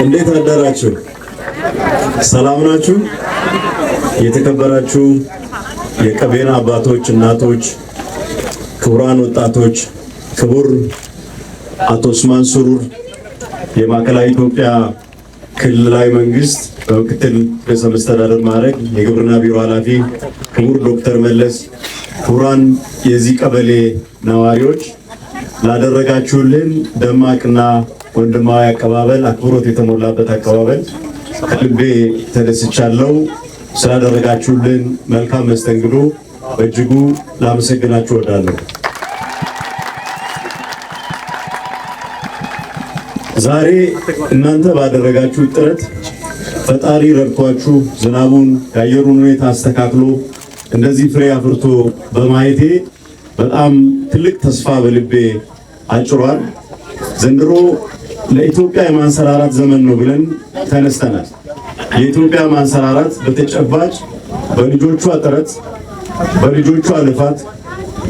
እንዴት አደራችሁ? ሰላም ናችሁ? የተከበራችሁ የቀቤና አባቶች፣ እናቶች፣ ክቡራን ወጣቶች፣ ክቡር አቶ ኡስማን ሱሩር የማዕከላዊ ኢትዮጵያ ክልላዊ መንግስት በምክትል ርዕሰ መስተዳደር ማድረግ የግብርና ቢሮ ኃላፊ ክቡር ዶክተር መለስ፣ ክቡራን የዚህ ቀበሌ ነዋሪዎች ላደረጋችሁልን ደማቅና ወንድማዊ አቀባበል፣ አክብሮት የተሞላበት አቀባበል ከልቤ ተደስቻለሁ። ስላደረጋችሁልን መልካም መስተንግዶ በእጅጉ ላመሰግናችሁ እወዳለሁ። ዛሬ እናንተ ባደረጋችሁ ጥረት ፈጣሪ ረድቷችሁ ዝናቡን የአየሩን ሁኔታ አስተካክሎ እንደዚህ ፍሬ አፍርቶ በማየቴ በጣም ትልቅ ተስፋ በልቤ አጭሯል። ዘንድሮ ለኢትዮጵያ የማንሰራራት ዘመን ነው ብለን ተነስተናል። የኢትዮጵያ ማንሰራራት በተጨባጭ በልጆቿ ጥረት፣ በልጆቿ ልፋት፣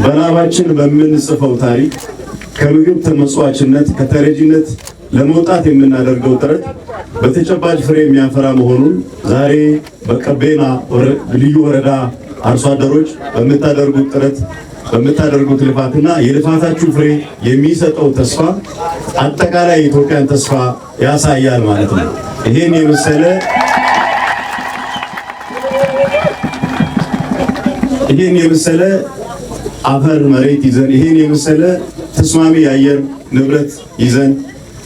በላባችን በምንጽፈው ታሪክ ከምግብ ተመጽዋችነት ከተረጂነት ለመውጣት የምናደርገው ጥረት በተጨባጭ ፍሬ የሚያፈራ መሆኑን ዛሬ በቀቤና ልዩ ወረዳ አርሶ አደሮች በምታደርጉት ጥረት በምታደርጉት ልፋትና የልፋታችሁ ፍሬ የሚሰጠው ተስፋ አጠቃላይ የኢትዮጵያን ተስፋ ያሳያል ማለት ነው። ይህን የመሰለ ይህን የመሰለ አፈር መሬት ይዘን ይህን የመሰለ ተስማሚ የአየር ንብረት ይዘን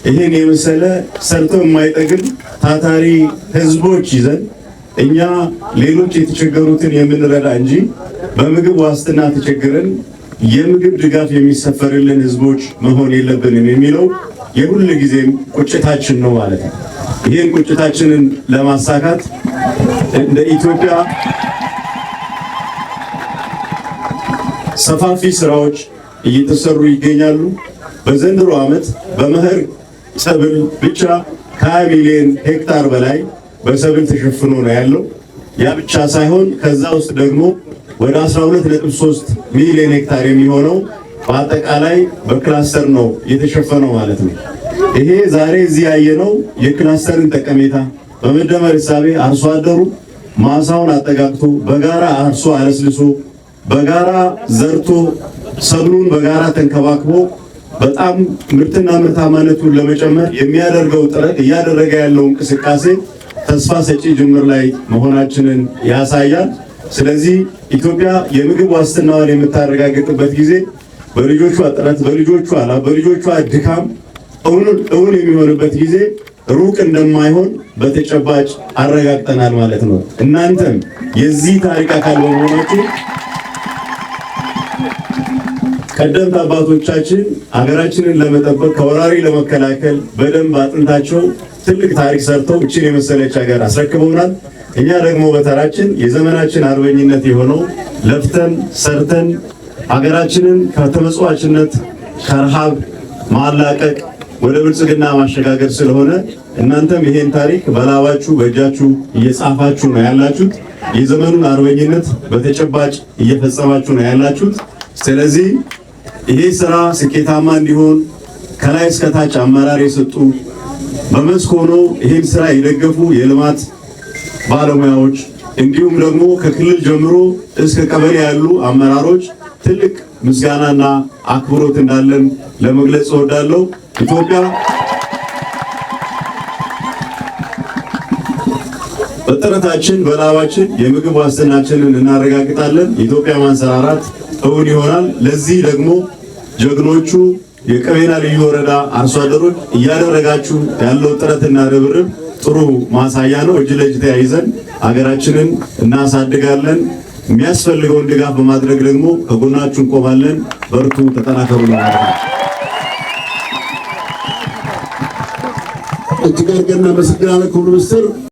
ይህን የመሰለ ሰርቶ የማይጠግብ ታታሪ ህዝቦች ይዘን እኛ ሌሎች የተቸገሩትን የምንረዳ እንጂ በምግብ ዋስትና ተቸግረን የምግብ ድጋፍ የሚሰፈርልን ህዝቦች መሆን የለብንም የሚለው የሁል ጊዜም ቁጭታችን ነው ማለት ነው። ይህን ቁጭታችንን ለማሳካት እንደ ኢትዮጵያ ሰፋፊ ስራዎች እየተሰሩ ይገኛሉ። በዘንድሮ ዓመት በመኸር ሰብል ብቻ ከ20 ሚሊዮን ሄክታር በላይ በሰብል ተሸፍኖ ነው ያለው። ያ ብቻ ሳይሆን ከዛ ውስጥ ደግሞ ወደ 12.3 ሚሊዮን ሄክታር የሚሆነው በአጠቃላይ በክላስተር ነው የተሸፈነው ማለት ነው። ይሄ ዛሬ እዚህ ያየነው የክላስተርን ጠቀሜታ በመደመር እሳቤ አርሶ አደሩ ማሳውን አጠጋግቶ በጋራ አርሶ አለስልሶ በጋራ ዘርቶ ሰብሉን በጋራ ተንከባክቦ በጣም ምርትና ምርታማነቱን ለመጨመር የሚያደርገው ጥረት እያደረገ ያለው እንቅስቃሴ ተስፋ ሰጪ ጅምር ላይ መሆናችንን ያሳያል። ስለዚህ ኢትዮጵያ የምግብ ዋስትናዋን የምታረጋግጥበት ጊዜ በልጆቿ ጥረት፣ በልጆቿ ላ በልጆቿ ድካም እውን የሚሆንበት ጊዜ ሩቅ እንደማይሆን በተጨባጭ አረጋግጠናል ማለት ነው። እናንተም የዚህ ታሪክ አካል በመሆናችሁ ቀደምት አባቶቻችን ሀገራችንን ለመጠበቅ ከወራሪ ለመከላከል በደንብ አጥንታቸው ትልቅ ታሪክ ሰርተው እችን የመሰለች ሀገር አስረክበውናል። እኛ ደግሞ በተራችን የዘመናችን አርበኝነት የሆነው ለፍተን ሰርተን ሀገራችንን ከተመጽዋችነት ከረሃብ ማላቀቅ ወደ ብልጽግና ማሸጋገር ስለሆነ እናንተም ይሄን ታሪክ በላባችሁ በእጃችሁ እየጻፋችሁ ነው ያላችሁት። የዘመኑን አርበኝነት በተጨባጭ እየፈጸማችሁ ነው ያላችሁት። ስለዚህ ይሄ ስራ ስኬታማ እንዲሆን ከላይ እስከታች አመራር የሰጡ በመስክ ሆኖ ይህን ስራ የደገፉ የልማት ባለሙያዎች እንዲሁም ደግሞ ከክልል ጀምሮ እስከ ቀበሌ ያሉ አመራሮች ትልቅ ምስጋናና አክብሮት እንዳለን ለመግለጽ እወዳለሁ። ኢትዮጵያ በጥረታችን በላባችን የምግብ ዋስትናችንን እናረጋግጣለን። የኢትዮጵያ ማንሰራራት እውን ይሆናል። ለዚህ ደግሞ ጀግኖቹ የቀቤና ልዩ ወረዳ አርሶ አደሮች እያደረጋችሁ ያለው ጥረትና ርብርብ ጥሩ ማሳያ ነው። እጅ ለእጅ ተያይዘን ሀገራችንን እናሳድጋለን። የሚያስፈልገውን ድጋፍ በማድረግ ደግሞ ከጎናችሁ እንቆማለን። በርቱ፣ ተጠናከሩ ማለት ነው። እጅግ አድርገን እናመሰግናለን ክቡር ሚኒስትር።